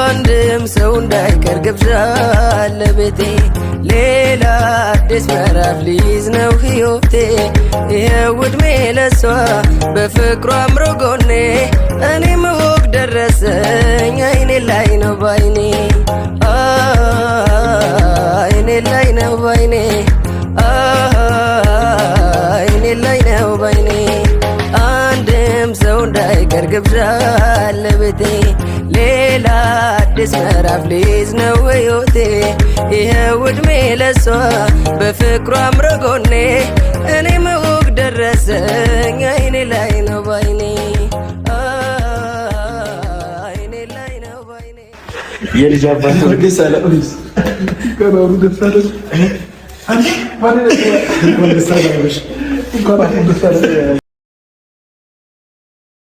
አንድም ሰው እንዳይቀር ግብዣ ለቤቴ ሌላ አዲስ ምዕራፍ ሊይዝ ነው ሕይወቴ። ይኸው ዕድሜ ለሷ በፍቅሩ አምሮ ጎኔ እኔ እወቅ ደረሰኝ አይኔ ላይ ነው ባይኔ አይኔ ላይ ነው ባይኔ ፍቅር ግብዣ ለቤቴ ሌላ አዲስ ምዕራፍ ሊይዝ ነው ሕይወቴ ይኸው ዕድሜ ለሷ በፍቅሯ አምረጎኔ እኔም እውቅ ደረሰኝ አይኔ ላይ ነው ባይኔ የልጅ አባት